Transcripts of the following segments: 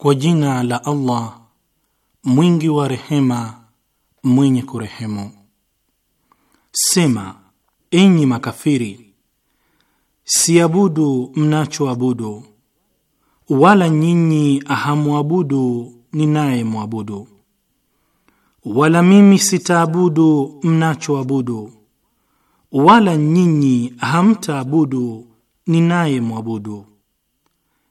Kwa jina la Allah mwingi wa rehema, mwenye kurehemu. Sema, enyi makafiri, siabudu mnachoabudu, wala nyinyi ni naye mwabudu wala mimi sitaabudu mnachoabudu, wala nyinyi hamtaabudu ni naye ninayemwabudu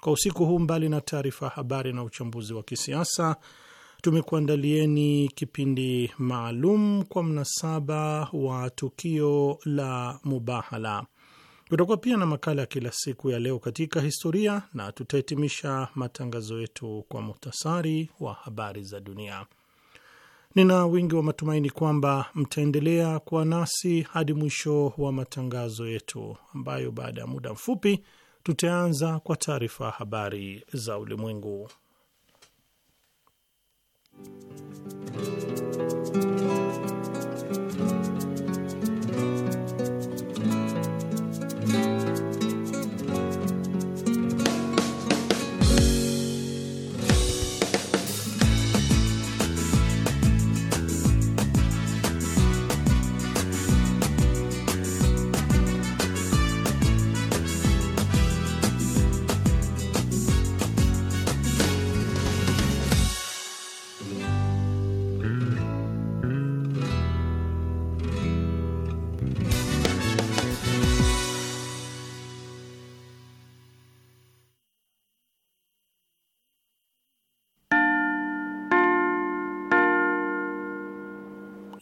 Kwa usiku huu, mbali na taarifa ya habari na uchambuzi wa kisiasa, tumekuandalieni kipindi maalum kwa mnasaba wa tukio la Mubahala. Tutakuwa pia na makala ya kila siku ya leo katika historia, na tutahitimisha matangazo yetu kwa muhtasari wa habari za dunia. Nina wingi wa matumaini kwamba mtaendelea kuwa nasi hadi mwisho wa matangazo yetu, ambayo baada ya muda mfupi Tutaanza kwa taarifa ya habari za ulimwengu.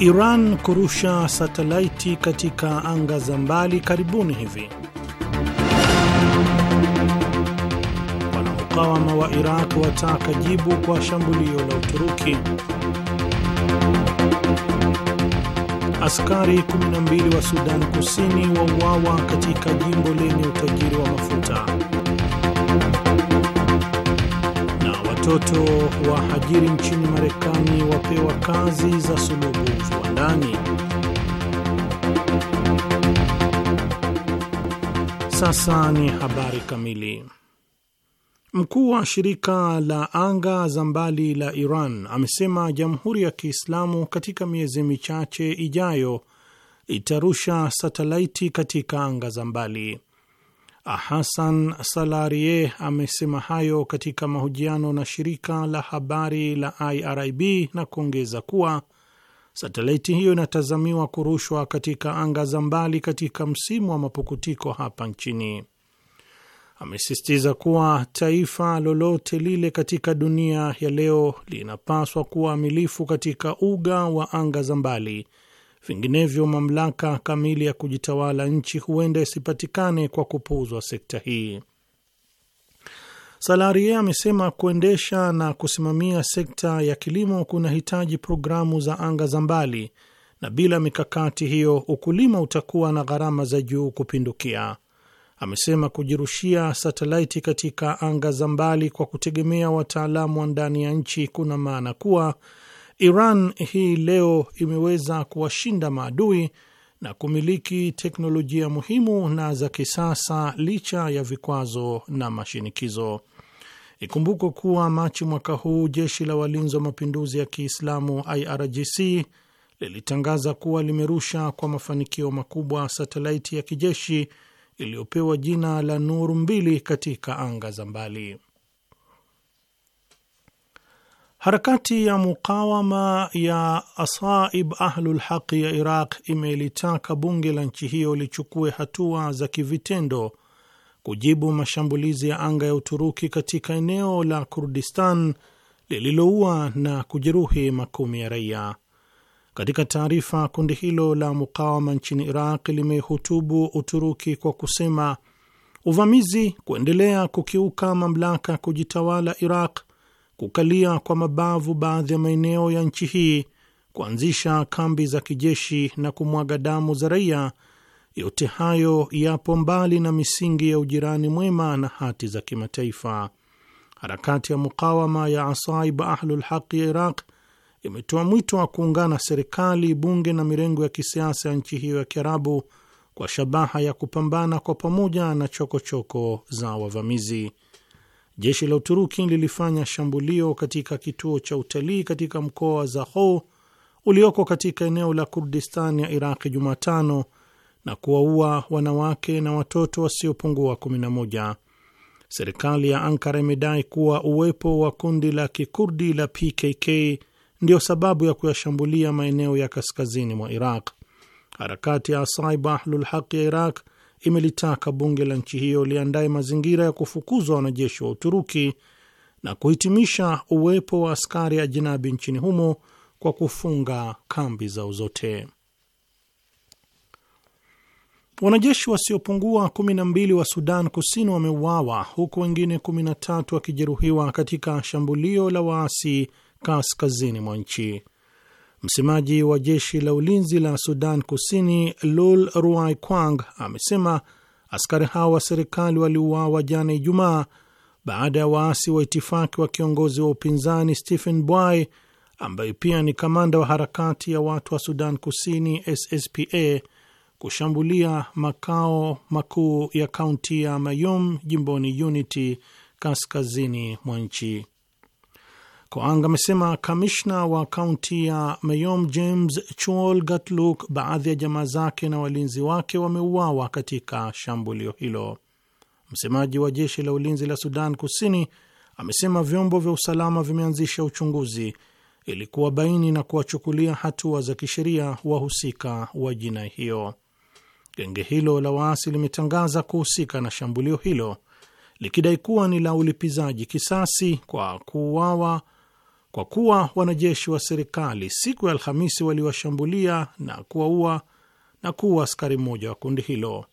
Iran kurusha satelaiti katika anga za mbali karibuni hivi. Wanamukawama wa Iraq wataka jibu kwa shambulio la Uturuki. Askari 12 wa Sudan Kusini wauawa katika jimbo lenye utajiri wa mafuta. Watoto wa hajiri nchini Marekani wapewa kazi za sulubu viwandani. Sasa ni habari kamili. Mkuu wa shirika la anga za mbali la Iran amesema Jamhuri ya Kiislamu katika miezi michache ijayo itarusha satelaiti katika anga za mbali. Hasan Salarie amesema hayo katika mahojiano na shirika la habari la IRIB na kuongeza kuwa satelaiti hiyo inatazamiwa kurushwa katika anga za mbali katika msimu wa mapukutiko hapa nchini. Amesisitiza kuwa taifa lolote lile katika dunia ya leo linapaswa kuwa amilifu katika uga wa anga za mbali Vinginevyo mamlaka kamili ya kujitawala nchi huenda isipatikane kwa kupuuzwa sekta hii. Salarie amesema kuendesha na kusimamia sekta ya kilimo kunahitaji programu za anga za mbali, na bila mikakati hiyo ukulima utakuwa na gharama za juu kupindukia. Amesema kujirushia satelaiti katika anga za mbali kwa kutegemea wataalamu wa ndani ya nchi kuna maana kuwa Iran hii leo imeweza kuwashinda maadui na kumiliki teknolojia muhimu na za kisasa licha ya vikwazo na mashinikizo. Ikumbukwe kuwa Machi mwaka huu jeshi la walinzi wa mapinduzi ya Kiislamu IRGC lilitangaza kuwa limerusha kwa mafanikio makubwa satelaiti ya kijeshi iliyopewa jina la Nuru mbili katika anga za mbali. Harakati ya mukawama ya Asaib Ahlul Haqi ya Iraq imelitaka bunge la nchi hiyo lichukue hatua za kivitendo kujibu mashambulizi ya anga ya Uturuki katika eneo la Kurdistan lililoua na kujeruhi makumi ya raia. Katika taarifa, kundi hilo la mukawama nchini Iraq limehutubu Uturuki kwa kusema uvamizi, kuendelea kukiuka mamlaka kujitawala Iraq kukalia kwa mabavu baadhi ya maeneo ya nchi hii, kuanzisha kambi za kijeshi na kumwaga damu za raia, yote hayo yapo mbali na misingi ya ujirani mwema na hati za kimataifa. Harakati ya mukawama ya Asaib Ahlul Haq ya Iraq imetoa mwito wa kuungana serikali, bunge na mirengo ya kisiasa ya nchi hiyo ya Kiarabu kwa shabaha ya kupambana kwa pamoja na chokochoko choko za wavamizi jeshi la Uturuki lilifanya shambulio katika kituo cha utalii katika mkoa wa Zaho ulioko katika eneo la Kurdistan ya Iraqi Jumatano na kuwaua wanawake na watoto wasiopungua 11. Serikali ya Ankara imedai kuwa uwepo wa kundi la kikurdi la PKK ndio sababu ya kuyashambulia maeneo ya kaskazini mwa Iraq. Harakati ya Asaiba Ahlul Haq ya Iraq imelitaka bunge la nchi hiyo liandaye mazingira ya kufukuzwa wanajeshi wa Uturuki na kuhitimisha uwepo wa askari ajinabi nchini humo kwa kufunga kambi zao zote. Wanajeshi wasiopungua 12 wa Sudan Kusini wameuawa huku wengine 13 wakijeruhiwa katika shambulio la waasi kaskazini mwa nchi. Msemaji wa jeshi la ulinzi la Sudan Kusini Lul Ruai Kwang amesema askari hao wa serikali waliuawa jana Ijumaa baada ya waasi wa itifaki wa kiongozi wa upinzani Stephen Bwai ambaye pia ni kamanda wa harakati ya watu wa Sudan Kusini SSPA kushambulia makao makuu ya kaunti ya mayum jimboni Unity kaskazini mwa nchi. Koang amesema kamishna wa kaunti ya Mayom James Chol Gatluk, baadhi ya jamaa zake na walinzi wake wameuawa katika shambulio hilo. Msemaji wa jeshi la ulinzi la Sudan Kusini amesema vyombo vya usalama vimeanzisha uchunguzi ili kuwabaini na kuwachukulia hatua za kisheria wahusika wa jinai hiyo. Genge hilo la waasi limetangaza kuhusika na shambulio hilo likidai kuwa ni la ulipizaji kisasi kwa kuuawa kwa kuwa wanajeshi wa serikali siku ya Alhamisi waliwashambulia na kuwaua na kuwa askari mmoja wa kundi hilo.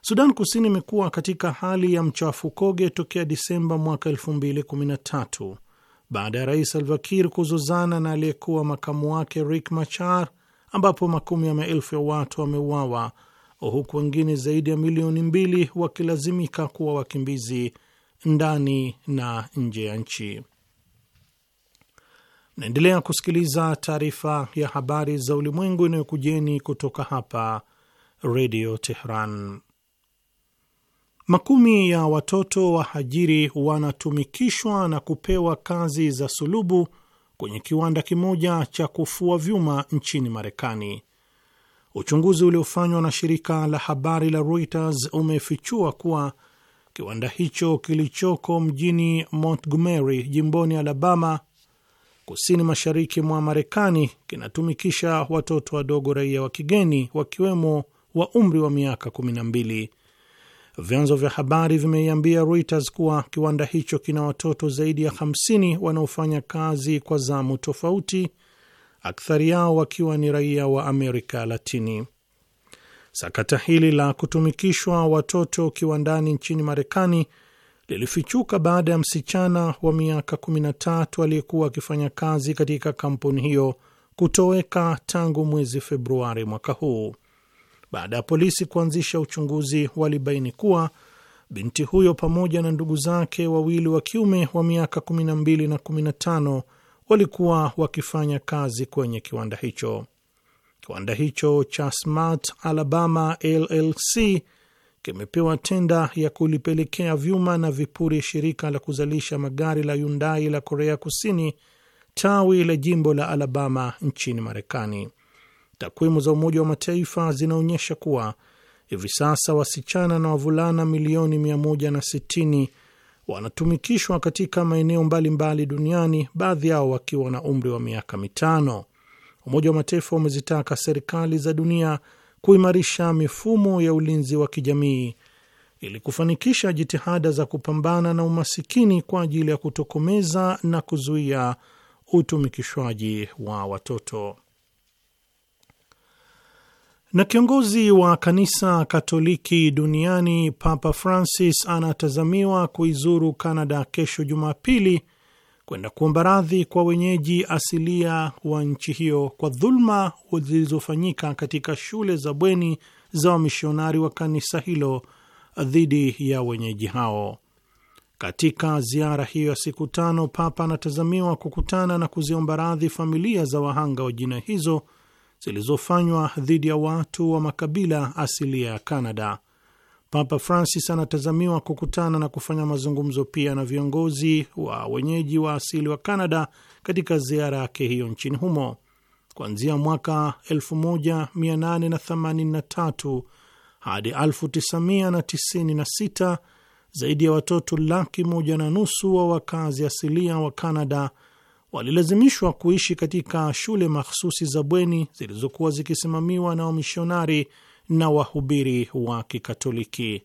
Sudan Kusini imekuwa katika hali ya mchafukoge tokea Disemba mwaka 2013 baada ya rais Salva Kiir kuzozana na aliyekuwa makamu wake Riek Machar, ambapo makumi ya maelfu ya watu wameuawa huku wengine zaidi ya milioni mbili wakilazimika kuwa wakimbizi ndani na nje ya nchi. Naendelea kusikiliza taarifa ya habari za ulimwengu inayokujeni kutoka hapa Redio Tehran. Makumi ya watoto wahajiri wanatumikishwa na kupewa kazi za sulubu kwenye kiwanda kimoja cha kufua vyuma nchini Marekani. Uchunguzi uliofanywa na shirika la habari la Reuters umefichua kuwa kiwanda hicho kilichoko mjini Montgomery, jimboni Alabama, kusini mashariki mwa Marekani kinatumikisha watoto wadogo raia wa kigeni wakiwemo wa umri wa miaka 1na mbili. Vyanzo vya habari vimeiambia Reuters kuwa kiwanda hicho kina watoto zaidi ya 50 wanaofanya kazi kwa zamu tofauti, akthari yao wakiwa ni raia wa Amerika Latini. Sakata hili la kutumikishwa watoto kiwandani nchini Marekani lilifichuka baada ya msichana wa miaka 13 aliyekuwa akifanya kazi katika kampuni hiyo kutoweka tangu mwezi Februari mwaka huu. Baada ya polisi kuanzisha uchunguzi, walibaini kuwa binti huyo pamoja na ndugu zake wawili wa kiume wa miaka 12 na 15 walikuwa wakifanya kazi kwenye kiwanda hicho. Kiwanda hicho cha Smart Alabama LLC kimepewa tenda ya kulipelekea vyuma na vipuri shirika la kuzalisha magari la Hyundai la Korea Kusini tawi la jimbo la Alabama nchini Marekani. Takwimu za Umoja wa Mataifa zinaonyesha kuwa hivi sasa wasichana na wavulana milioni 160 wanatumikishwa katika maeneo mbalimbali duniani, baadhi yao wakiwa na umri wa miaka mitano. Umoja wa Mataifa umezitaka serikali za dunia kuimarisha mifumo ya ulinzi wa kijamii ili kufanikisha jitihada za kupambana na umasikini kwa ajili ya kutokomeza na kuzuia utumikishwaji wa watoto. Na kiongozi wa kanisa Katoliki duniani Papa Francis anatazamiwa kuizuru Kanada kesho Jumapili kwenda kuomba radhi kwa wenyeji asilia wa nchi hiyo kwa dhuluma zilizofanyika katika shule za bweni za wamishonari wa kanisa hilo dhidi ya wenyeji hao. Katika ziara hiyo ya siku tano, Papa anatazamiwa kukutana na kuziomba radhi familia za wahanga wa jinai hizo zilizofanywa dhidi ya watu wa makabila asilia ya Kanada. Papa Francis anatazamiwa kukutana na kufanya mazungumzo pia na viongozi wa wenyeji wa asili wa canada katika ziara yake hiyo nchini humo. Kuanzia mwaka 1883 hadi 1996 zaidi ya watoto laki moja na nusu wa wakazi asilia wa canada walilazimishwa kuishi katika shule mahsusi za bweni zilizokuwa zikisimamiwa na wamishonari na wahubiri wa Kikatoliki.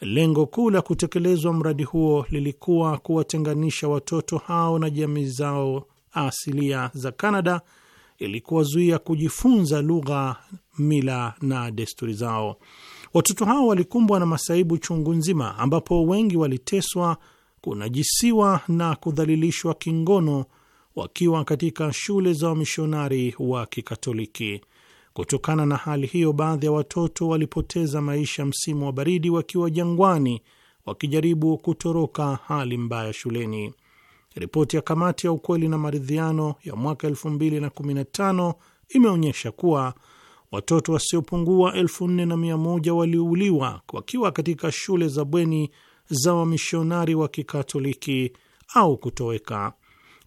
Lengo kuu la kutekelezwa mradi huo lilikuwa kuwatenganisha watoto hao na jamii zao asilia za Kanada ili kuwazuia kujifunza lugha, mila na desturi zao. Watoto hao walikumbwa na masaibu chungu nzima, ambapo wengi waliteswa, kunajisiwa na kudhalilishwa kingono wakiwa katika shule za wamishonari wa Kikatoliki. Kutokana na hali hiyo, baadhi ya watoto walipoteza maisha msimu wa baridi wakiwa jangwani, wakijaribu kutoroka hali mbaya shuleni. Ripoti ya kamati ya ukweli na maridhiano ya mwaka 2015 imeonyesha kuwa watoto wasiopungua 4100 waliuliwa wakiwa katika shule za bweni za wamishonari wa Kikatoliki au kutoweka.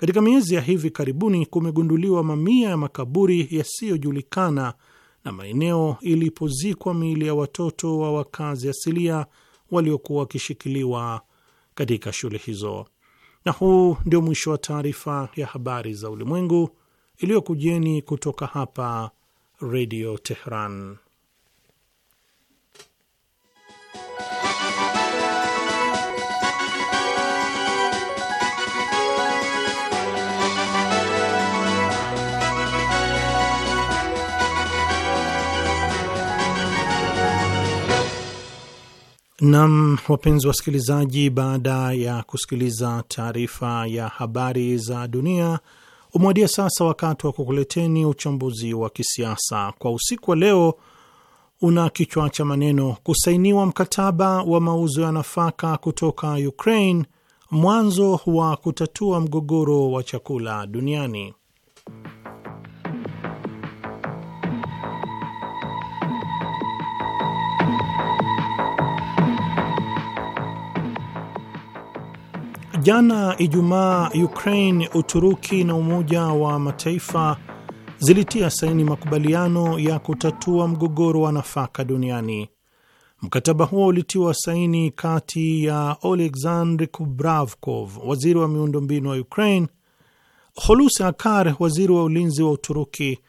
Katika miezi ya hivi karibuni kumegunduliwa mamia ya makaburi yasiyojulikana na maeneo ilipozikwa miili ya watoto wa wakazi asilia waliokuwa wakishikiliwa katika shule hizo. Na huu ndio mwisho wa taarifa ya habari za ulimwengu iliyokujeni kutoka hapa Redio teheran Nam, wapenzi wasikilizaji, baada ya kusikiliza taarifa ya habari za dunia, umewadia sasa wakati wa kukuleteni uchambuzi wa kisiasa kwa usiku wa leo. Una kichwa cha maneno kusainiwa mkataba wa mauzo ya nafaka kutoka Ukraine, mwanzo wa kutatua mgogoro wa chakula duniani. Jana Ijumaa, Ukraine, Uturuki na Umoja wa Mataifa zilitia saini makubaliano ya kutatua mgogoro wa nafaka duniani. Mkataba huo ulitiwa saini kati ya Oleksandr Kubravkov, waziri wa miundombinu wa Ukraine, Hulusi Akar, waziri wa ulinzi wa Uturuki,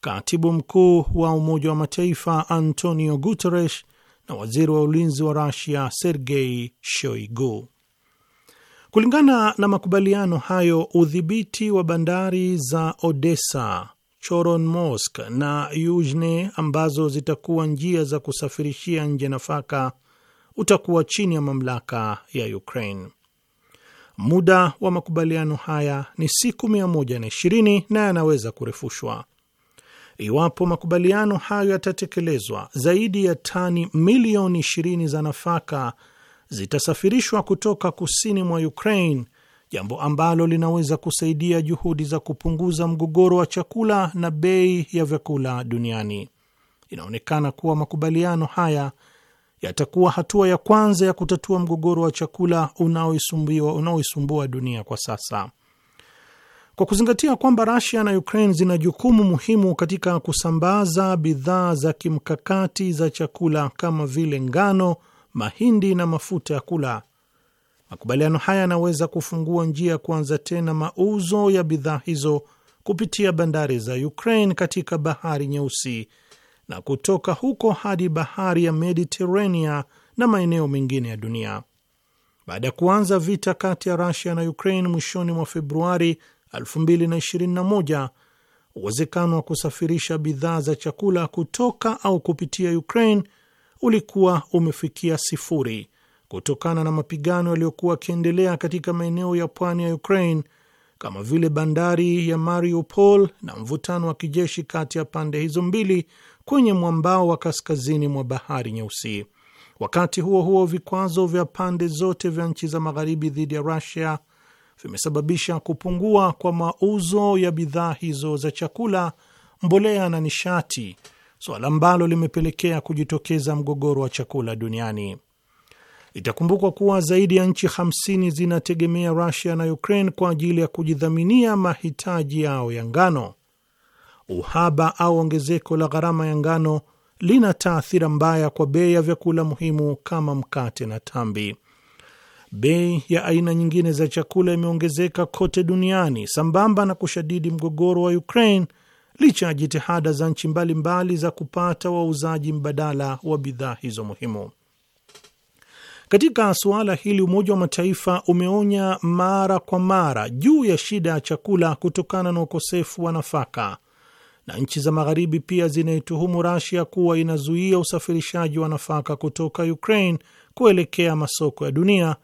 katibu mkuu wa Umoja wa Mataifa Antonio Guterres na waziri wa ulinzi wa Rusia Sergei Shoigu. Kulingana na makubaliano hayo, udhibiti wa bandari za Odessa, Choronmosk na Yuzhne ambazo zitakuwa njia za kusafirishia nje nafaka utakuwa chini ya mamlaka ya Ukraine. Muda wa makubaliano haya ni siku 120 na yanaweza kurefushwa. Iwapo makubaliano hayo yatatekelezwa, zaidi ya tani milioni 20 za nafaka zitasafirishwa kutoka kusini mwa Ukraine, jambo ambalo linaweza kusaidia juhudi za kupunguza mgogoro wa chakula na bei ya vyakula duniani. Inaonekana kuwa makubaliano haya yatakuwa hatua ya kwanza ya kutatua mgogoro wa chakula unaoisumbua dunia kwa sasa. Kwa kuzingatia kwamba rasia na Ukraine zina jukumu muhimu katika kusambaza bidhaa za kimkakati za chakula kama vile ngano mahindi na mafuta ya kula. Makubaliano haya yanaweza kufungua njia ya kuanza tena mauzo ya bidhaa hizo kupitia bandari za Ukraine katika bahari Nyeusi na kutoka huko hadi bahari ya Mediterania na maeneo mengine ya dunia. Baada ya kuanza vita kati ya Rusia na Ukraine mwishoni mwa Februari 2021, uwezekano wa kusafirisha bidhaa za chakula kutoka au kupitia Ukraine ulikuwa umefikia sifuri kutokana na mapigano yaliyokuwa yakiendelea katika maeneo ya pwani ya Ukraine kama vile bandari ya Mariupol na mvutano wa kijeshi kati ya pande hizo mbili kwenye mwambao wa kaskazini mwa bahari Nyeusi. Wakati huo huo, vikwazo vya pande zote vya nchi za magharibi dhidi ya Rusia vimesababisha kupungua kwa mauzo ya bidhaa hizo za chakula, mbolea na nishati suala ambalo limepelekea kujitokeza mgogoro wa chakula duniani. Itakumbukwa kuwa zaidi ya nchi 50 zinategemea Rusia na Ukraine kwa ajili ya kujidhaminia mahitaji yao ya ngano. Uhaba au ongezeko la gharama ya ngano lina taathira mbaya kwa bei ya vyakula muhimu kama mkate na tambi. Bei ya aina nyingine za chakula imeongezeka kote duniani sambamba na kushadidi mgogoro wa Ukraine licha ya jitihada za nchi mbalimbali mbali za kupata wauzaji mbadala wa bidhaa hizo muhimu. Katika suala hili, Umoja wa Mataifa umeonya mara kwa mara juu ya shida ya chakula kutokana na ukosefu wa nafaka, na nchi za Magharibi pia zinaituhumu Rasia kuwa inazuia usafirishaji wa nafaka kutoka Ukraine kuelekea masoko ya dunia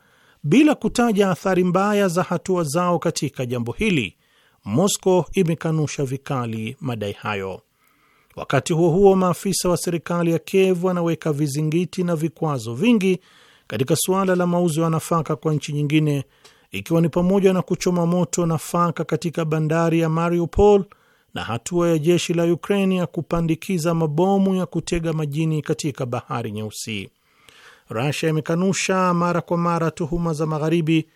bila kutaja athari mbaya za hatua zao katika jambo hili Moscow imekanusha vikali madai hayo. Wakati huo huo, maafisa wa serikali ya Kiev wanaweka vizingiti na vikwazo vingi katika suala la mauzo ya nafaka kwa nchi nyingine, ikiwa ni pamoja na kuchoma moto nafaka katika bandari ya Mariupol na hatua ya jeshi la Ukraine ya kupandikiza mabomu ya kutega majini katika bahari Nyeusi. Russia imekanusha mara kwa mara tuhuma za Magharibi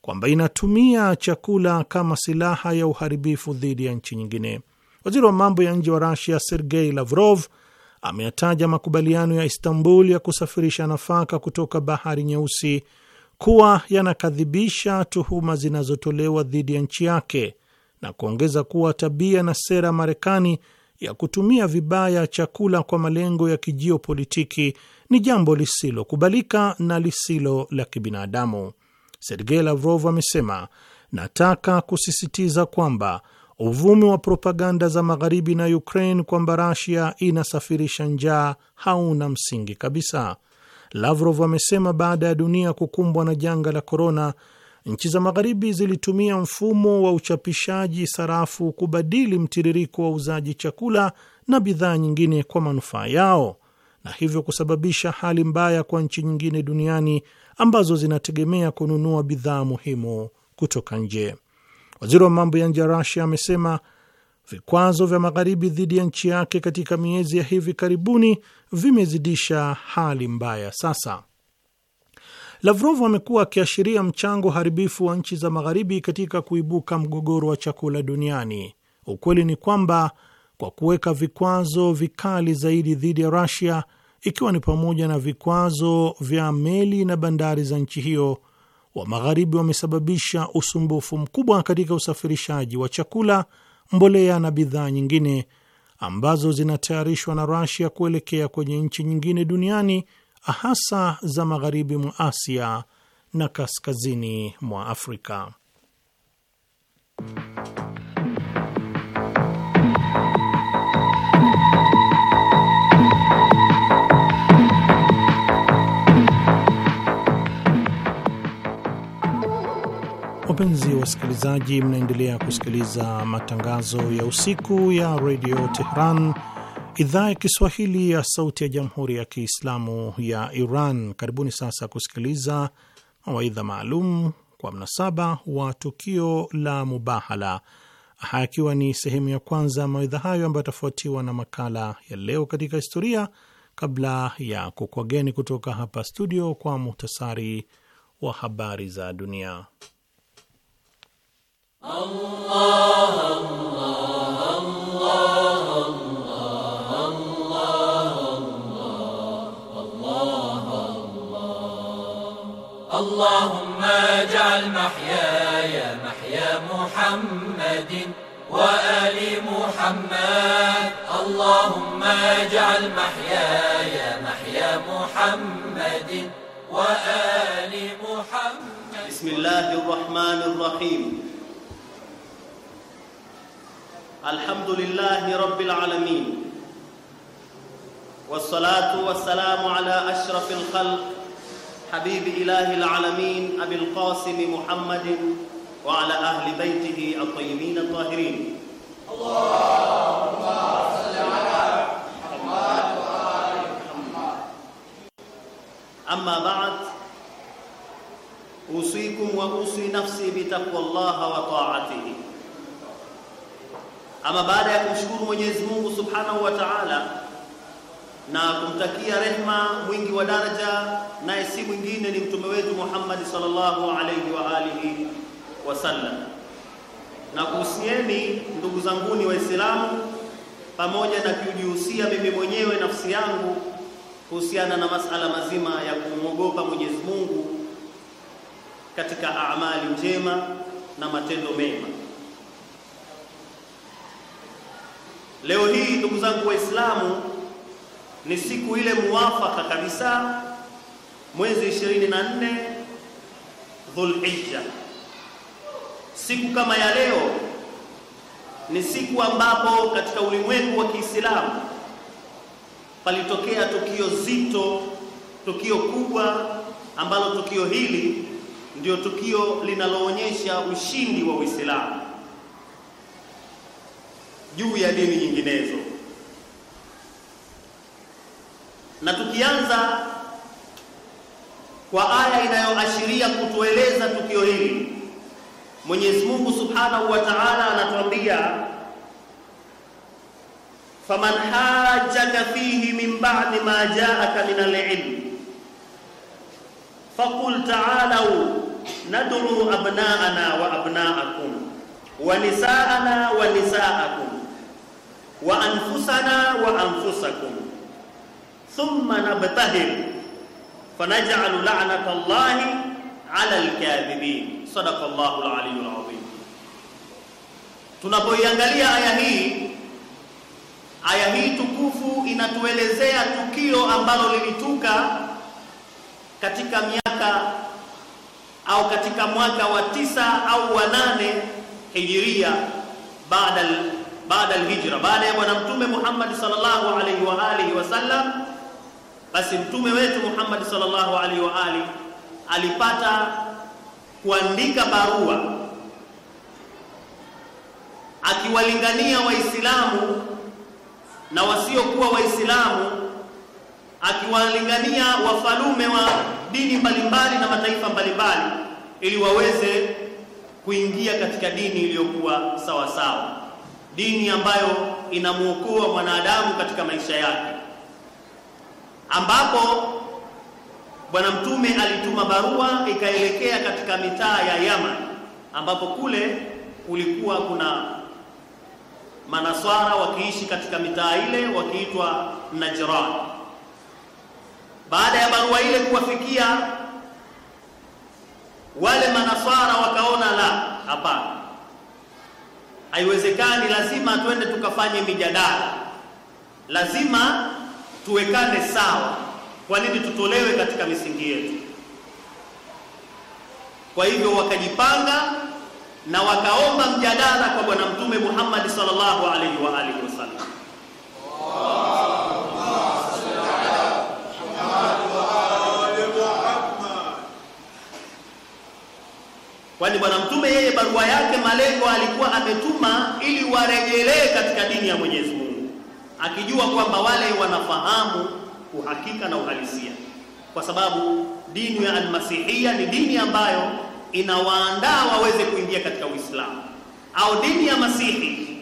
kwamba inatumia chakula kama silaha ya uharibifu dhidi ya nchi nyingine. Waziri wa mambo ya nje wa Rasia Sergei Lavrov ameyataja makubaliano ya Istanbul ya kusafirisha nafaka kutoka Bahari Nyeusi kuwa yanakadhibisha tuhuma zinazotolewa dhidi ya nchi yake na kuongeza kuwa tabia na sera Marekani ya kutumia vibaya chakula kwa malengo ya kijiopolitiki ni jambo lisilokubalika na lisilo la kibinadamu. Sergei Lavrov amesema, nataka kusisitiza kwamba uvumi wa propaganda za magharibi na Ukraine kwamba Rasia inasafirisha njaa hauna msingi kabisa. Lavrov amesema baada ya dunia kukumbwa na janga la korona, nchi za magharibi zilitumia mfumo wa uchapishaji sarafu kubadili mtiririko wa uuzaji chakula na bidhaa nyingine kwa manufaa yao na hivyo kusababisha hali mbaya kwa nchi nyingine duniani ambazo zinategemea kununua bidhaa muhimu kutoka nje. Waziri wa mambo ya nje ya Rasia amesema vikwazo vya Magharibi dhidi ya nchi yake katika miezi ya hivi karibuni vimezidisha hali mbaya. Sasa Lavrov amekuwa akiashiria mchango haribifu wa nchi za Magharibi katika kuibuka mgogoro wa chakula duniani. Ukweli ni kwamba kwa kuweka vikwazo vikali zaidi dhidi ya Rasia ikiwa ni pamoja na vikwazo vya meli na bandari za nchi hiyo, wa magharibi wamesababisha usumbufu mkubwa katika usafirishaji wa chakula, mbolea na bidhaa nyingine ambazo zinatayarishwa na rasia kuelekea kwenye nchi nyingine duniani hasa za magharibi mwa Asia na kaskazini mwa Afrika. Wapenzi wasikilizaji, mnaendelea kusikiliza matangazo ya usiku ya redio Tehran, idhaa ya Kiswahili ya sauti ya jamhuri ya Kiislamu ya Iran. Karibuni sasa kusikiliza mawaidha maalum kwa mnasaba wa tukio la Mubahala. Haya akiwa ni sehemu ya kwanza ya mawaidha hayo ambayo atafuatiwa na makala ya leo katika historia, kabla ya kukwageni kutoka hapa studio kwa muhtasari wa habari za dunia. اللهم اجعل محياي محيا محمد وآل محمد اللهم اجعل محياي محيا محمد وآل محمد بسم الله الرحمن الرحيم الحمد لله رب العالمين والصلاة والسلام على أشرف الخلق حبيب إله العالمين أبي القاسم محمد وعلى أهل بيته الطيبين الطاهرين اللهم صل على محمد وآل محمد أما بعد أوصيكم وأوصي نفسي بتقوى الله وطاعته ama baada ya kumshukuru Mwenyezi Mungu Subhanahu wa Ta'ala na kumtakia rehma mwingi wa daraja, naye si mwingine ni mtume wetu Muhammad sallallahu alayhi wa alihi wasallam. Na kuhusieni ndugu zanguni Waislamu, pamoja na kujihusia mimi mwenyewe nafsi yangu kuhusiana na masala mazima ya kumwogopa Mwenyezi Mungu katika amali njema na matendo mema. Leo hii ndugu zangu Waislamu, ni siku ile muwafaka kabisa, mwezi 24 Dhulhijja. Siku kama ya leo ni siku ambapo katika ulimwengu wa Kiislamu palitokea tukio zito, tukio kubwa, ambalo tukio hili ndio tukio linaloonyesha ushindi wa Uislamu juu ya dini nyinginezo. Na tukianza kwa aya inayoashiria kutueleza tukio hili, Mwenyezi Mungu Subhanahu wa Ta'ala anatuambia faman hajjaka fihi min ba'di ma ja'aka min al-'ilm faqul ta'alu nad'u abna'ana wa abna'akum wa nisa'ana wa nisa'akum wa anfusana wa anfusakum thumma nabtahil fanaj'alu la'nata Allahi 'ala al-kadhibin sadaqa Allahu al 'azim tunapoiangalia aya hii aya hii tukufu inatuelezea tukio ambalo lilituka katika miaka au katika mwaka wa tisa au wa nane hijiria baada baada alhijra, baada ya bwana mtume Muhammad sallallahu alaihi wa alihi wasallam. Basi mtume wetu Muhammad sallallahu alaihi wa alihi alipata kuandika barua akiwalingania Waislamu na wasiokuwa Waislamu, akiwalingania wafalume wa dini mbalimbali na mataifa mbalimbali, ili waweze kuingia katika dini iliyokuwa sawa sawa dini ambayo inamwokoa mwanadamu katika maisha yake, ambapo Bwana Mtume alituma barua ikaelekea katika mitaa ya Yaman, ambapo kule kulikuwa kuna manaswara wakiishi katika mitaa ile wakiitwa Najran. Baada ya barua ile kuwafikia wale manaswara, wakaona la, hapana Haiwezekani, lazima twende tukafanye mijadala, lazima tuwekane sawa, kwa nini tutolewe katika misingi yetu. Kwa hivyo wakajipanga na wakaomba mjadala kwa Bwana Mtume Muhammad sallallahu alaihi wa alihi wasallam. kwani bwana mtume yeye barua yake malengo alikuwa ametuma ili warejelee katika dini ya Mwenyezi Mungu, akijua kwamba wale wanafahamu uhakika na uhalisia, kwa sababu dini ya almasihia ni dini ambayo inawaandaa waweze kuingia katika Uislamu, au dini ya masihi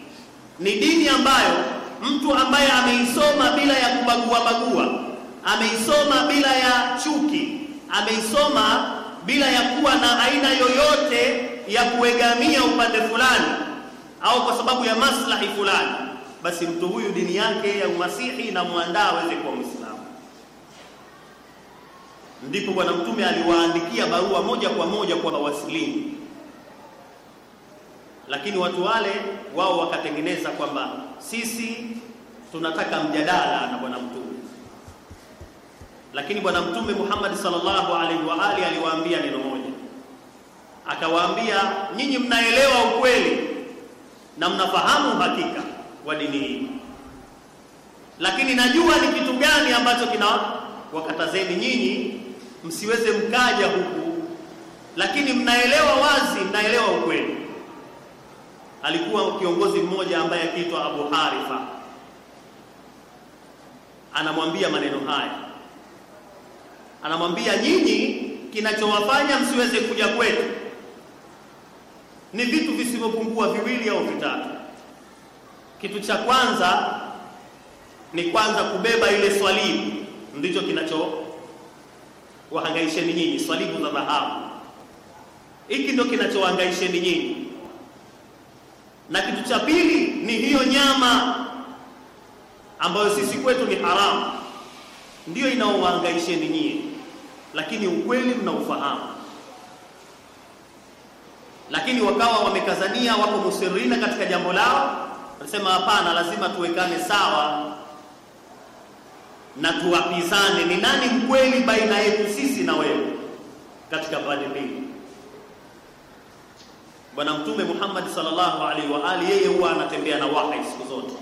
ni dini ambayo mtu ambaye ameisoma bila ya kubagua bagua, ameisoma bila ya chuki, ameisoma bila ya kuwa na aina yoyote ya kuegamia upande fulani au kwa sababu ya maslahi fulani, basi mtu huyu dini yake ya umasihi inamwandaa aweze kuwa Mwislamu. Ndipo Bwana Mtume aliwaandikia barua moja kwa moja kwa wasilini lakini watu wale wao wakatengeneza kwamba sisi tunataka mjadala na Bwana Mtume lakini bwana Mtume Muhammad sallallahu alaihi wa ali aliwaambia neno moja, akawaambia nyinyi mnaelewa ukweli na mnafahamu hakika wa dini hii, lakini najua ni kitu gani ambacho kina wakatazeni nyinyi msiweze mkaja huku, lakini mnaelewa wazi, mnaelewa ukweli. Alikuwa kiongozi mmoja ambaye akiitwa Abu Harifa, anamwambia maneno haya anamwambia nyinyi, kinachowafanya msiweze kuja kwetu ni vitu visivyopungua viwili au vitatu. Kitu cha kwanza ni kwanza kubeba ile swalibu, ndicho kinachowahangaisheni nyinyi, swalibu za dhahabu. Hiki ndio kinachowahangaisheni nyinyi, na kitu cha pili ni hiyo nyama ambayo sisi kwetu ni haramu, ndiyo inaowahangaisheni nyinyi lakini ukweli mnaufahamu, lakini wakawa wamekazania, wako musirina katika jambo lao. wanasema hapana, lazima tuwekane sawa na tuwapizane, ni nani mkweli baina yetu sisi na wewe katika pande mbili. Bwana Mtume Muhammad sallallahu alaihi wa ali, yeye huwa anatembea na wahi siku zote,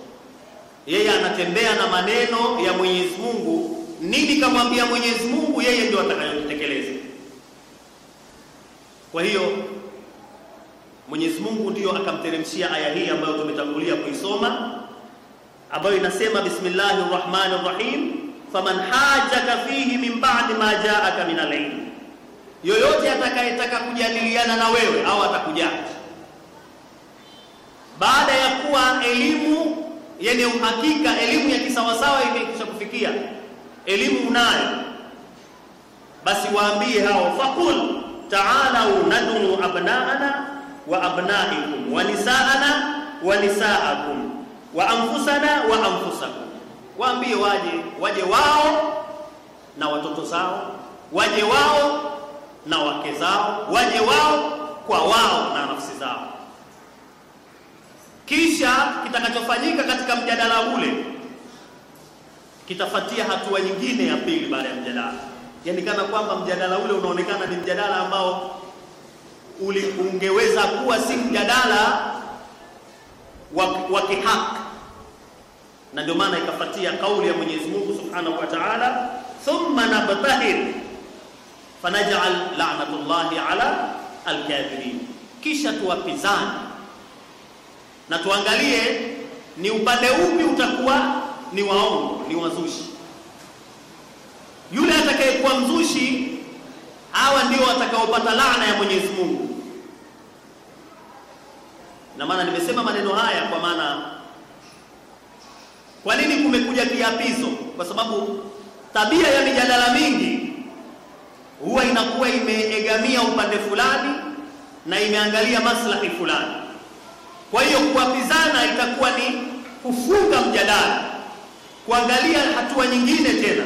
yeye anatembea na maneno ya Mwenyezi Mungu nini kamwambia Mwenyezi Mungu, yeye ndio atakayokitekeleza. Kwa hiyo Mwenyezi Mungu ndio akamteremshia aya hii ambayo tumetangulia kuisoma ambayo inasema bismillahi rahmani rrahim, faman hajaka fihi min ba'di ma jaaka min alilmi, yoyote atakayetaka kujadiliana na wewe au atakujaji baada ya kuwa elimu yenye uhakika, elimu ya kisawasawa kufikia elimu unayo basi waambie hao faqul ta'alau nadunu abna'ana wa abna'ikum wa nisa'ana wa nisa'akum wa anfusana wa anfusakum waambie waje waje wao na watoto zao waje wao na wake zao waje wao kwa wao na nafsi zao kisha kitakachofanyika katika mjadala ule kitafuatia hatua nyingine ya pili baada ya mjadala. yaani kana kwamba mjadala ule unaonekana ni mjadala ambao uli ungeweza kuwa si mjadala wa, wa kihaki, na ndio maana ikafuatia kauli ya Mwenyezi Mungu Subhanahu wa Ta'ala, thumma nabtahir fanaj'al la'natullahi ala alkafirin, kisha tuwapizane na tuangalie ni upande upi utakuwa ni waongo, ni wazushi. Yule atakayekuwa mzushi, hawa ndio watakaopata laana ya Mwenyezi Mungu. Na maana nimesema maneno haya kwa maana, kwa nini kumekuja kiapizo? Kwa sababu tabia ya mijadala mingi huwa inakuwa imeegamia upande fulani na imeangalia maslahi fulani. Kwa hiyo kuapizana itakuwa ni kufunga mjadala kuangalia hatua nyingine tena.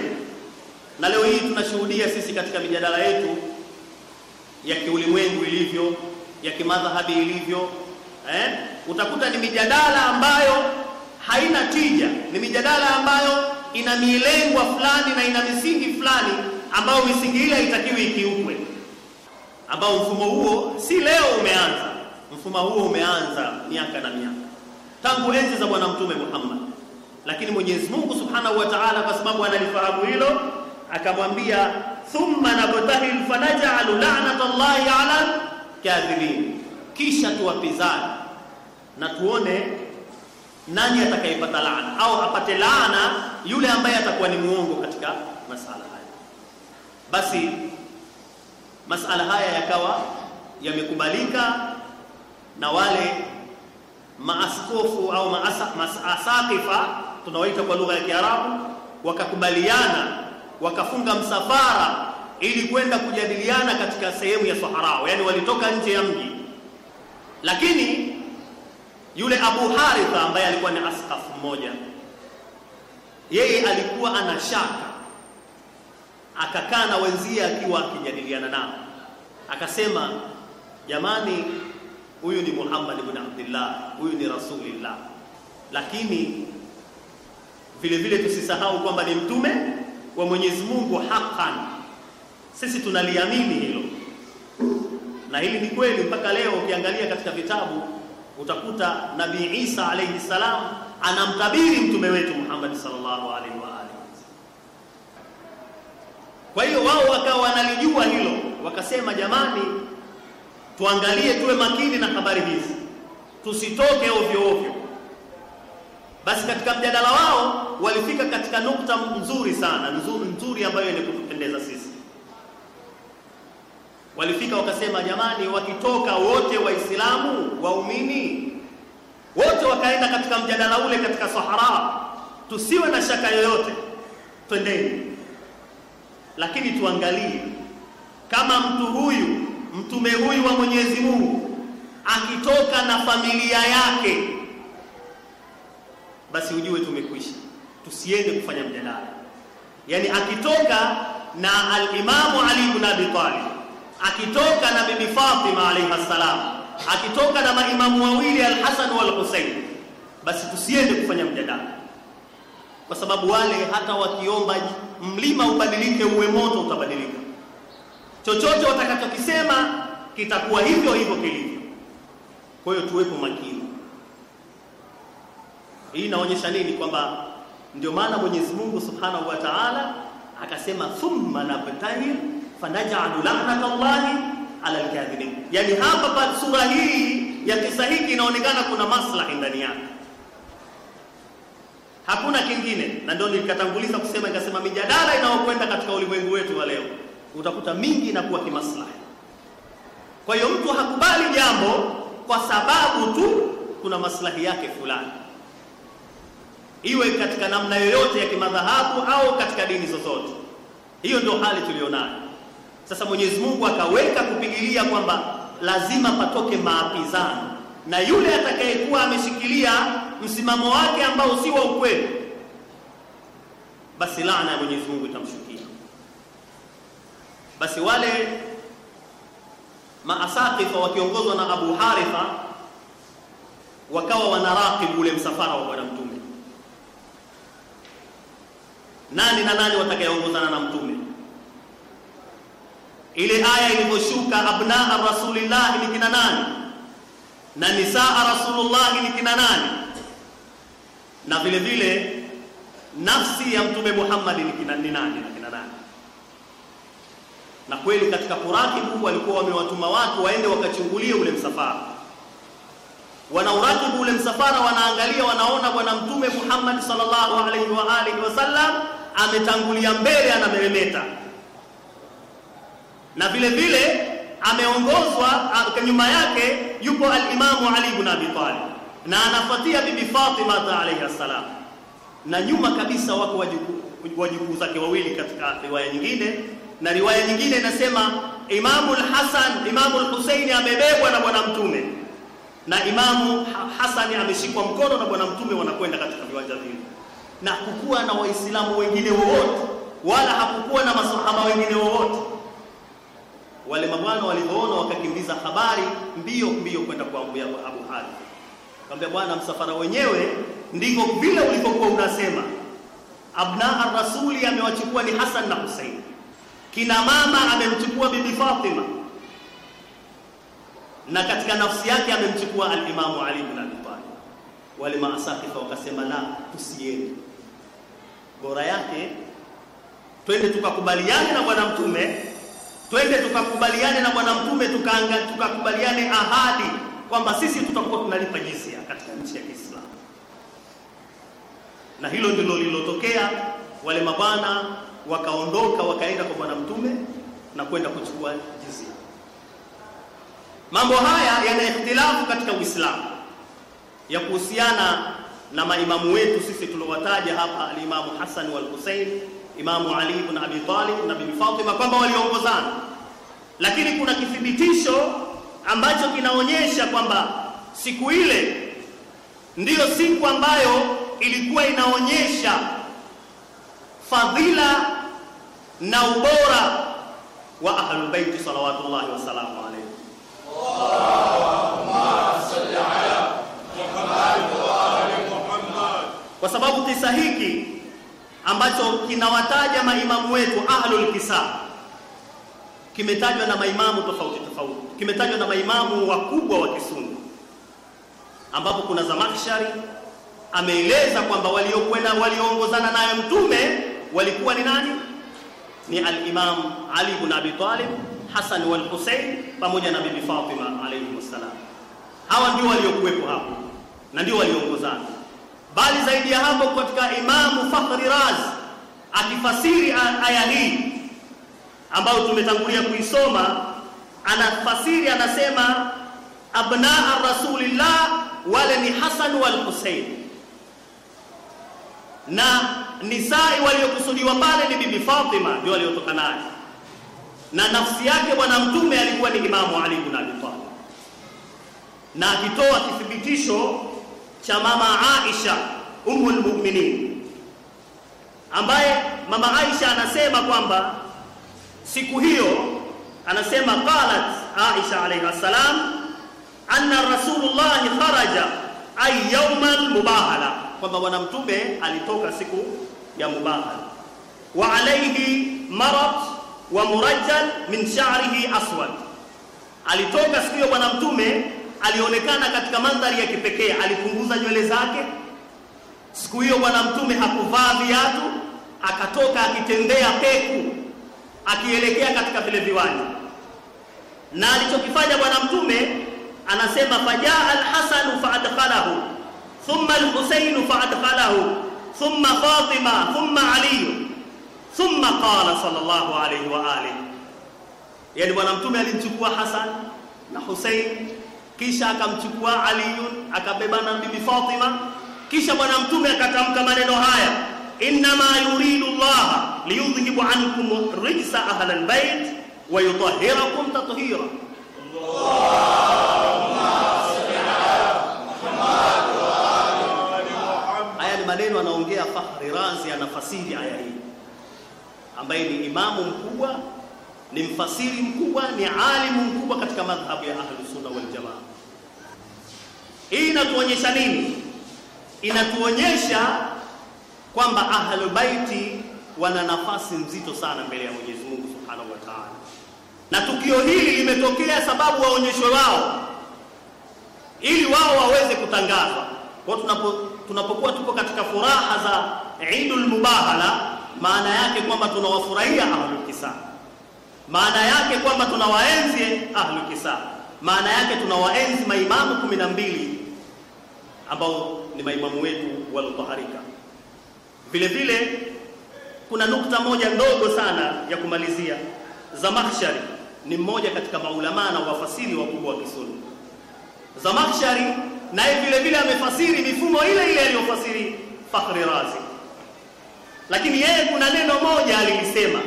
Na leo hii tunashuhudia sisi katika mijadala yetu ya kiulimwengu ilivyo, ya kimadhahabi ilivyo, eh? Utakuta ni mijadala ambayo haina tija, ni mijadala ambayo ina milengwa fulani na ina misingi fulani ambayo misingi ile haitakiwi ikiukwe, ambao mfumo huo si leo umeanza. Mfumo huo umeanza miaka na miaka tangu enzi za Bwana Mtume Muhammad lakini Mwenyezi Mungu Subhanahu wa Ta'ala kwa sababu analifahamu hilo akamwambia thumma nabtahil fanaj'alu la'natallahi 'ala kadhibin kisha tuwapizane na tuone nani atakayepata laana au apate laana yule ambaye atakuwa ni muongo katika masala haya basi masala haya yakawa yamekubalika na wale maaskofu au maasakifa tunaoita kwa lugha ya Kiarabu, wakakubaliana wakafunga msafara ili kwenda kujadiliana katika sehemu ya Sahara, yani walitoka nje ya mji, lakini yule Abu Haritha ambaye alikuwa ni askaf mmoja, yeye alikuwa ana shaka, akakaa na wenzie akiwa akijadiliana nao, akasema jamani, huyu ni Muhammad ibn Abdullah, huyu ni Rasulillah, lakini vile vile tusisahau kwamba ni mtume wa Mwenyezi Mungu haqqan. Sisi tunaliamini hilo na hili ni kweli. Mpaka leo ukiangalia katika vitabu utakuta Nabii Isa alayhi salam anamtabiri mtume wetu Muhammad sallallahu alaihi wa alihi. Kwa hiyo wao wakawa wanalijua hilo, wakasema jamani, tuangalie tuwe makini na habari hizi, tusitoke ovyo ovyo basi katika mjadala wao walifika katika nukta nzuri sana nzuri, nzuri ambayo ni kutupendeza sisi. Walifika wakasema, jamani, wakitoka wote Waislamu waumini wote wakaenda katika mjadala ule katika Sahara, tusiwe na shaka yoyote, twendeni, lakini tuangalie kama mtu huyu mtume huyu wa Mwenyezi Mungu akitoka na familia yake basi ujue tumekwisha, tusiende kufanya mjadala. Yani akitoka na alimamu Ali ibn Abi Talib, akitoka na bibi Fatima alayha salam, akitoka na maimamu wawili Alhasan wal-Husayn, basi tusiende kufanya mjadala, kwa sababu wale hata wakiomba mlima ubadilike uwe moto utabadilika. Chochote watakachokisema kitakuwa hivyo hivyo kilivyo. Kwa hiyo tuwepo makini. Hii inaonyesha nini? Kwamba ndio maana Mwenyezi Mungu Subhanahu wa Ta'ala akasema thumma nabtahil fanaj'alu la'nata Allahi 'ala al-kadhibin. Yaani hapa pa sura hii ya kisa hiki inaonekana kuna maslahi ndani yake, hakuna kingine. Na ndio nilikatanguliza kusema, ikasema mijadala inayokwenda katika ulimwengu wetu wa leo utakuta mingi inakuwa kimaslahi. Kwa hiyo mtu hakubali jambo kwa sababu tu kuna maslahi yake fulani iwe katika namna yoyote ya kimadhahabu au katika dini zozote. Hiyo ndio hali tuliyonayo sasa. Mwenyezi Mungu akaweka kupigilia kwamba lazima patoke maapizano, na yule atakayekuwa ameshikilia msimamo wake ambao si wa ukweli, basi laana ya Mwenyezi Mungu itamshukia. Basi wale maasakifa wakiongozwa na Abu Harifa wakawa wanaraqibu ule msafara wa Bwana Mtume nani na nani watakayeongozana na mtume. Ile aya ilivyoshuka abnaa rasulillah ni kina nani na nisaa rasulullah ni kina nani, na vile vile nafsi ya mtume Muhammad ni kina nani na kina nani. Na kweli katika kubwa walikuwa wamewatuma watu waende wakachungulie ule msafara wanauratibu ule msafara, wanaangalia, wanaona bwana Mtume Muhammad sallallahu alaihi wa alihi wasallam ametangulia mbele, anameremeta na vile vile ameongozwa nyuma yake yupo alimamu Ali ibn Abi Talib na anafuatia bibi Fatima alayha salam, na nyuma kabisa wako wajukuu zake wawili katika riwaya nyingine, na riwaya nyingine inasema Imamu al-Hasan, Imamu al amebebwa na bwana mtume na Imamu Hasani ameshikwa mkono na bwana mtume, wanakwenda katika viwanja vile na kukuwa na waislamu wengine wowote wala hakukuwa na masahaba wengine wowote wale mabwana walivyoona wakakimbiza habari mbio mbio kwenda kuambia Abu Hadi kaambia bwana msafara wenyewe ndiko vile ulivyokuwa unasema abna ar-rasuli amewachukua ni Hassan na Hussein kina mama amemchukua bibi Fatima na katika nafsi yake amemchukua al imam Ali ibn Abi Talib wale maasafi wakasema la tusiende bora yake twende tukakubaliane na bwana mtume twende tukakubaliane na bwana mtume tukaanga tukakubaliane ahadi kwamba sisi tutakuwa tunalipa jizia katika nchi ya Kiislamu na hilo ndilo lilotokea wale mabwana wakaondoka wakaenda kwa bwana mtume na kwenda kuchukua jizia mambo haya yana ikhtilafu katika Uislamu ya kuhusiana na maimamu wetu sisi tuliowataja hapa, alimamu Hassan wal Hussein, imamu Ali ibn Abi Talib na bibi Fatima, kwamba waliongozana. Lakini kuna kithibitisho ambacho kinaonyesha kwamba siku ile ndiyo siku ambayo ilikuwa inaonyesha fadhila na ubora wa Ahlulbeiti salawatullahi wasalamu alaihi kwa sababu kisa hiki ambacho kinawataja maimamu wetu ahlul kisa kimetajwa na maimamu tofauti tofauti, kimetajwa na maimamu wakubwa wa Kisunni, ambapo kuna Zamakhshari ameeleza kwamba waliokwenda walioongozana naye mtume walikuwa ni nani? Ni al-Imam Ali ibn Abi Talib, Hasan wal Hussein pamoja na Bibi Fatima alayhi wassalam. Hawa ndio waliokuwepo hapo na ndio waliongozana bali zaidi ya hapo katika Imamu Fakhri Raz akifasiri aya hii ambayo tumetangulia kuisoma, anafasiri anasema, abnaa rasulillah wale ni Hasan wal Hussein na nisai waliokusudiwa pale ni bibi Fatima, ndio waliotoka naye, na nafsi yake bwana mtume alikuwa ni Imamu Ali ibn Abi Talib, na akitoa kithibitisho cha mama Aisha ummul mu'minin, ambaye mama Aisha anasema kwamba siku hiyo, anasema qalat Aisha alayha salam anna rasulullah kharaja ay yawmal mubahala, kwamba bwana mtume alitoka siku ya mubahala, wa alayhi marad wa murajjal min sha'rihi aswad, alitoka siku hiyo bwana mtume alionekana katika mandhari ya kipekee, alipunguza nywele zake. Siku hiyo Bwana Mtume hakuvaa viatu, akatoka akitembea peku, akielekea katika vile viwanja. Na alichokifanya Bwana Mtume anasema, fajaa alhasanu faadkhalahu thumma fa faadkhalahu thumma Fatima thumma Ali thumma qala sallallahu alayhi wa alihi. Yani Bwana Mtume alimchukua Hasan na Husain kisha akamchukua Aliyun na bibi Fatima, kisha bwana mtume akatamka maneno haya, ma yuridu Allah liyudhhibu ankum rijsa ahli albayt wa yutahhirakum tathira. Haya ni maneno anaongea Fakhri Razi, anafasiri aya hii, ambaye ni imamu mkubwa, ni mfasiri mkubwa, ni alimu mkubwa katika madhhabu ya wal Waljamaa. Hii inatuonyesha nini? Inatuonyesha kwamba ahlu baiti wana nafasi nzito sana mbele ya Mwenyezi Mungu Subhanahu wa Ta'ala, na tukio hili limetokea sababu waonyeshwe wao ili wao waweze kutangazwa. Kwa tunapo, tunapokuwa tuko katika furaha za Eidul Mubahala, maana yake kwamba tunawafurahia ahlu kisa, maana yake kwamba tunawaenzi ahlu kisa, maana yake tunawaenzi maimamu kumi na mbili ambao ni maimamu wetu waliotaharika. Vile vile kuna nukta moja ndogo sana ya kumalizia. Zamakhshari ni mmoja katika maulama na wafasiri wakubwa wa Kisuni. Zamakhshari naye vile vile amefasiri mifumo ile ile aliyofasiri Fakhri Razi, lakini yeye kuna neno moja alilisema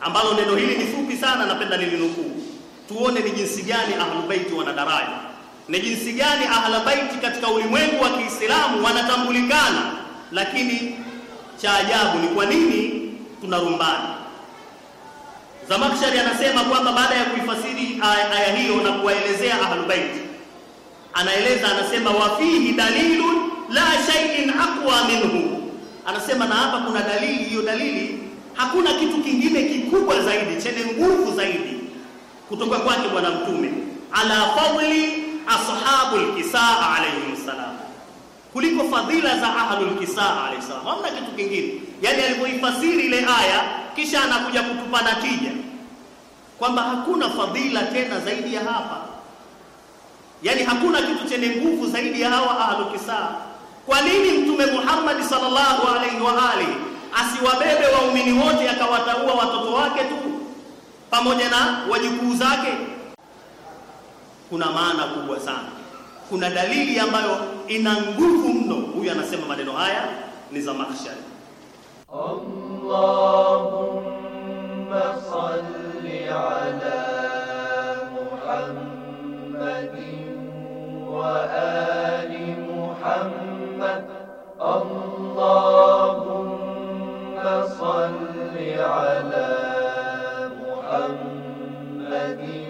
ambalo neno hili ni fupi sana, napenda nilinukuu tuone ni jinsi gani ahlubaiti wana daraja ni jinsi gani ahla baiti katika ulimwengu wa Kiislamu wanatambulikana, lakini cha ajabu ni kwa nini tunarumbana. Zamakshari anasema kwamba baada ya kuifasiri aya hiyo na kuwaelezea ahlu baiti, anaeleza anasema, wa fihi dalilun la shay'in aqwa minhu, anasema na hapa kuna dalili. Hiyo dalili hakuna kitu kingine kikubwa zaidi chenye nguvu zaidi kutoka kwake Bwana Mtume ala fadli ashabul kisaa alayhi salam, kuliko fadhila za ahlul kisaa alayhi salam. Hamna kitu kingine. Yani alipoifasiri ile aya, kisha anakuja kutupa natija kwamba hakuna fadhila tena zaidi ya hapa, yani hakuna kitu chenye nguvu zaidi ya hawa ahlul kisaa. Kwa nini Mtume Muhammad sallallahu alaihi wa ali asiwabebe waumini wote, akawataua watoto wake tu pamoja na wajukuu zake? kuna maana kubwa sana, kuna dalili ambayo ina nguvu mno. Huyu anasema maneno haya ni za mahshari. Allahumma salli ala محمد Allahumma salli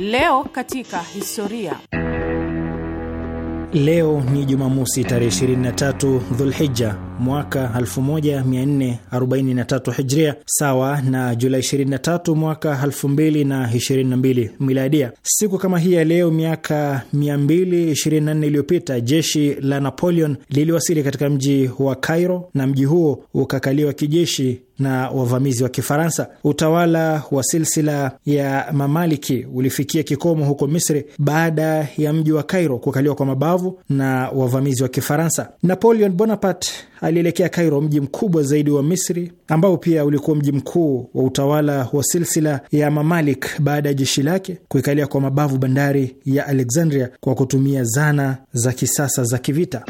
Leo katika historia. Leo ni Jumamosi tarehe 23 Dhulhija mwaka 1443 Hijria, sawa na Julai 23 mwaka 2022 Miladia. Siku kama hii ya leo miaka 224 iliyopita jeshi la Napoleon liliwasili katika mji wa Cairo na mji huo ukakaliwa kijeshi na wavamizi wa Kifaransa. Utawala wa silsila ya Mamaliki ulifikia kikomo huko Misri baada ya mji wa Cairo kukaliwa kwa mabavu na wavamizi wa Kifaransa. Napoleon Bonaparte alielekea Kairo, mji mkubwa zaidi wa Misri, ambao pia ulikuwa mji mkuu wa utawala wa silsila ya Mamalik, baada ya jeshi lake kuikalia kwa mabavu bandari ya Alexandria kwa kutumia zana za kisasa za kivita.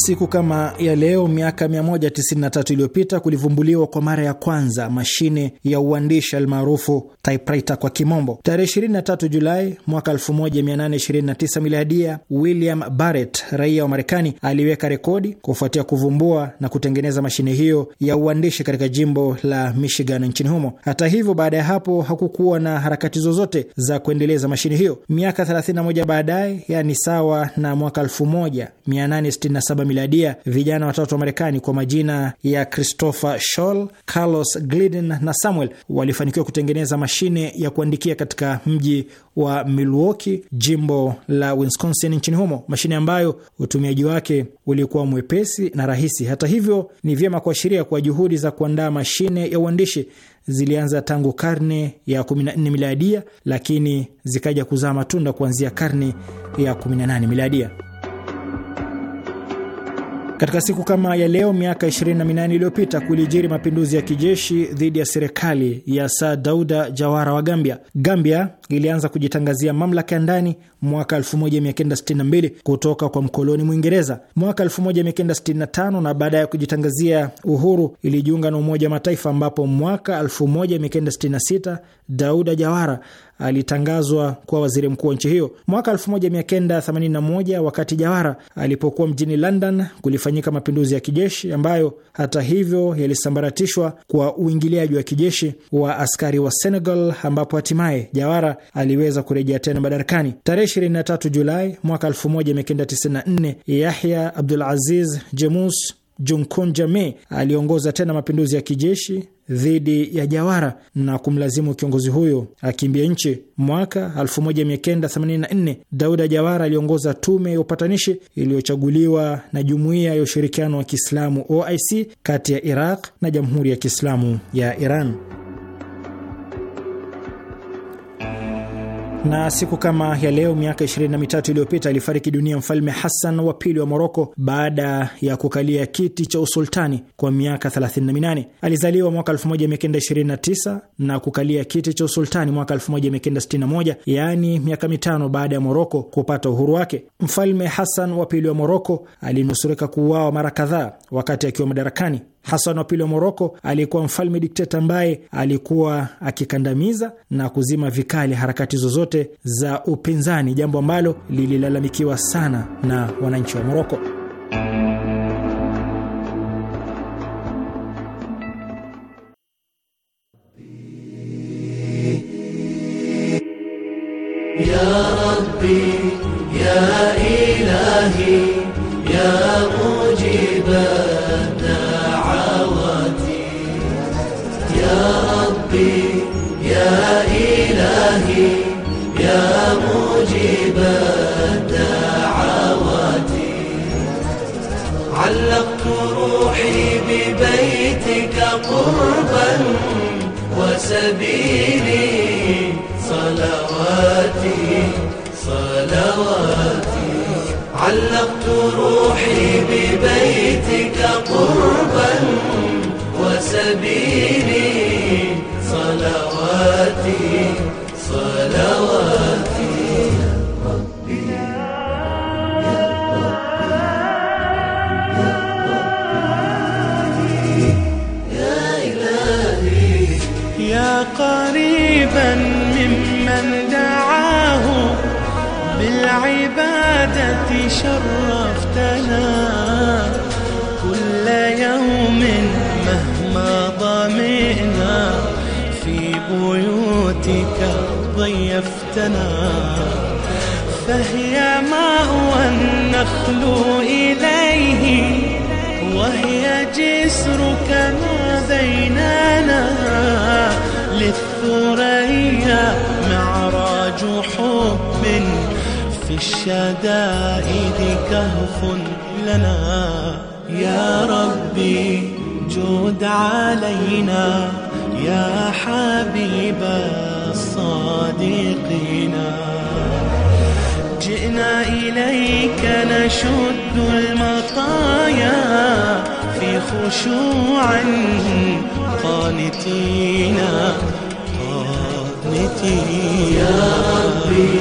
Siku kama ya leo miaka 193 iliyopita kulivumbuliwa kwa mara ya kwanza mashine ya uandishi almaarufu typewriter kwa kimombo. Tarehe 23 Julai mwaka 1829 miladia, William Barrett raia wa Marekani aliweka rekodi kufuatia kuvumbua na kutengeneza mashine hiyo ya uandishi katika jimbo la Michigan nchini humo. Hata hivyo, baada ya hapo hakukuwa na harakati zozote za kuendeleza mashine hiyo. Miaka 31 baadaye, yani sawa na mwaka 1867 miladia vijana watatu wa Marekani kwa majina ya Christopher Scholl, Carlos Glidden na Samuel walifanikiwa kutengeneza mashine ya kuandikia katika mji wa Milwaukee, jimbo la Wisconsin nchini humo, mashine ambayo utumiaji wake ulikuwa mwepesi na rahisi. Hata hivyo, ni vyema kuashiria kwa juhudi za kuandaa mashine ya uandishi zilianza tangu karne ya 14 miladia, lakini zikaja kuzaa matunda kuanzia karne ya 18 miladia. Katika siku kama ya leo miaka 28 iliyopita kulijiri mapinduzi ya kijeshi dhidi ya serikali ya Saad Dauda Jawara wa Gambia. Gambia ilianza kujitangazia mamlaka ya ndani mwaka 1962 kutoka kwa mkoloni Mwingereza. Mwaka 1965 na baada ya kujitangazia uhuru ilijiunga na Umoja wa Mataifa, ambapo mwaka 1966 Dauda Jawara alitangazwa kuwa waziri mkuu wa nchi hiyo mwaka 1981 wakati Jawara alipokuwa mjini London kulifanyika mapinduzi ya kijeshi ambayo hata hivyo yalisambaratishwa kwa uingiliaji wa kijeshi wa askari wa Senegal, ambapo hatimaye Jawara aliweza kurejea tena madarakani. Tarehe 23 Julai mwaka 1994, Yahya Abdul Aziz Jemus Jame aliongoza tena mapinduzi ya kijeshi dhidi ya Jawara na kumlazimu kiongozi huyo akimbia nchi. Mwaka 1984 Dauda Jawara aliongoza tume ya upatanishi iliyochaguliwa na Jumuiya ya Ushirikiano wa Kiislamu OIC kati ya Iraq na Jamhuri ya Kiislamu ya Iran. Na siku kama ya leo miaka 23 iliyopita alifariki dunia mfalme Hassan wa pili wa Moroko baada ya kukalia kiti cha usultani kwa miaka 38. Alizaliwa mwaka 1929 na kukalia kiti cha usultani mwaka 1961, yaani miaka mitano baada ya Moroko kupata uhuru wake. Mfalme Hassan wa pili wa Moroko alinusurika kuuawa mara kadhaa wakati akiwa madarakani. Hasan wa pili wa Moroko aliyekuwa mfalme dikteta ambaye alikuwa akikandamiza na kuzima vikali harakati zozote za upinzani, jambo ambalo lililalamikiwa sana na wananchi wa Moroko. Ya ilahi ya mujiba يا مجيب دعواتي علقت روحي ببيتك قربا وسبيلي صلواتي صلواتي علقت روحي ببيتك قربا وسبيلي صلواتي صلواتي يا ربي يا إلهي يا قريبا ممن دعاه بالعبادة شرا ضيفتنا فهي ما هو النخل إليه وهي جسرك ما بيننا للثريا معراج حب في الشدائد كهف لنا يا ربي جود علينا يا حبيبي صادقنا جئنا إليك نشد المطايا في خشوع قانتينا قانتينا يا ربي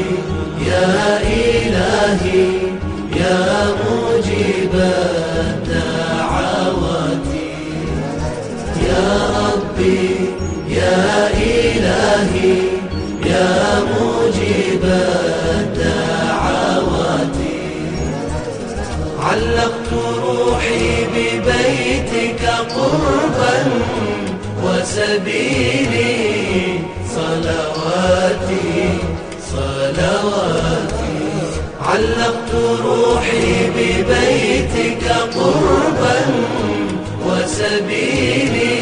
يا إلهي يا مجيب الدعوات يا ربي يا إلهي يا مجيب الدعوات علقت روحي ببيتك قربا وسبيلي صلواتي صلواتي علقت روحي ببيتك قربا وسبيلي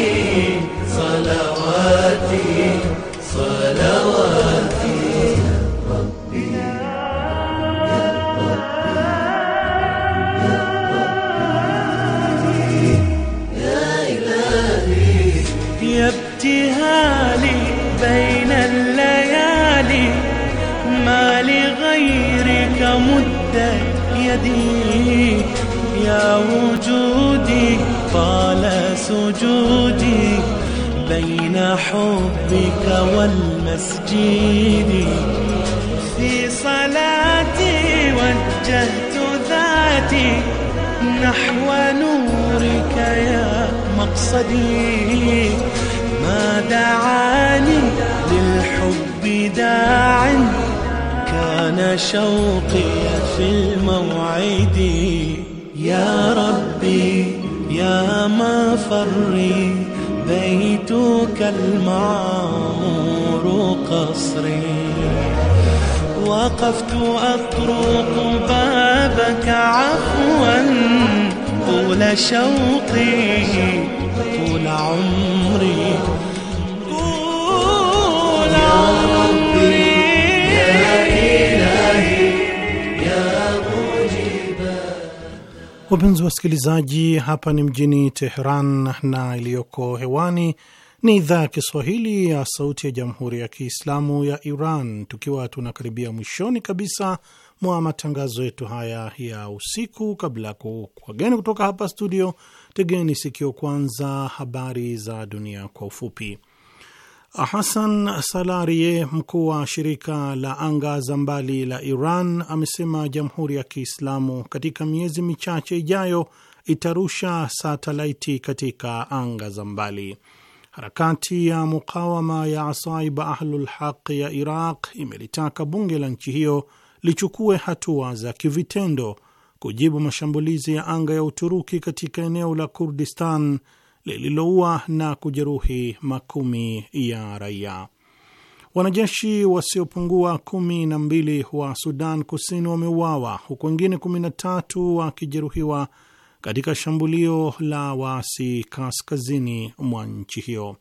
صلواتي صلواتي يا ربي يا إلهي يا ابتهالي بين الليالي ما لغيرك مدت يدي يا وجودي طال سجودي بين حبك والمسجد في صلاتي وجهت ذاتي نحو نورك يا مقصدي ما دعاني للحب داع كان شوقي في الموعد يا ربي يا ما فري بين بيتك المعمور قصري وقفت أطرق بابك عفوا طول شوقي طول عمري Wapenzi wasikilizaji, hapa ni mjini Teheran na iliyoko hewani ni idhaa ya Kiswahili ya Sauti ya Jamhuri ya Kiislamu ya Iran, tukiwa tunakaribia mwishoni kabisa mwa matangazo yetu haya ya usiku. Kabla ya kuwageni kutoka hapa studio, tegeni sikio kwanza habari za dunia kwa ufupi. Hasan Salarie, mkuu wa shirika la anga za mbali la Iran, amesema jamhuri ya Kiislamu katika miezi michache ijayo itarusha satelaiti katika anga za mbali. Harakati ya mukawama ya Asaib Ahlul Haq ya Iraq imelitaka bunge la nchi hiyo lichukue hatua za kivitendo kujibu mashambulizi ya anga ya Uturuki katika eneo la Kurdistan lililoua na kujeruhi makumi ya raia. Wanajeshi wasiopungua kumi na mbili wa Sudan Kusini wameuawa huku wengine kumi na tatu wakijeruhiwa katika shambulio la waasi kaskazini mwa nchi hiyo.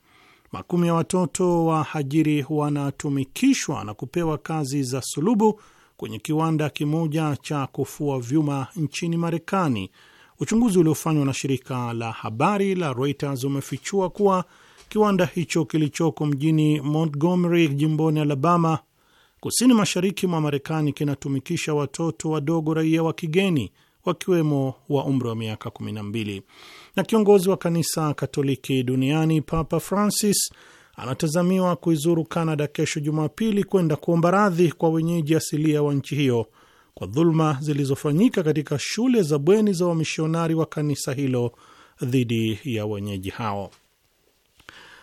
Makumi ya watoto wa hajiri wanatumikishwa na kupewa kazi za sulubu kwenye kiwanda kimoja cha kufua vyuma nchini Marekani Uchunguzi uliofanywa na shirika la habari la Reuters umefichua kuwa kiwanda hicho kilichoko mjini Montgomery jimboni Alabama, kusini mashariki mwa Marekani, kinatumikisha watoto wadogo raia wa kigeni wakiwemo wa umri wa miaka 12. Na kiongozi wa kanisa Katoliki duniani Papa Francis anatazamiwa kuizuru Kanada kesho Jumapili kwenda kuomba radhi kwa wenyeji asilia wa nchi hiyo kwa dhuluma zilizofanyika katika shule za bweni za wamishonari wa kanisa hilo dhidi ya wenyeji hao.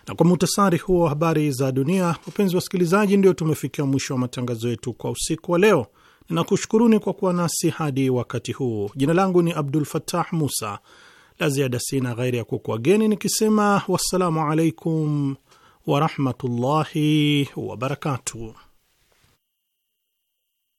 Na kwa muhtasari huo habari za dunia, wapenzi wasikilizaji, ndio tumefikia mwisho wa matangazo yetu kwa usiku wa leo. Ninakushukuruni kwa kuwa nasi hadi wakati huu. Jina langu ni Abdul fatah Musa. La ziada sina ghairi ya kukuageni nikisema wassalamu alaikum warahmatullahi wabarakatuh.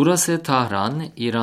Burası Tahran, İran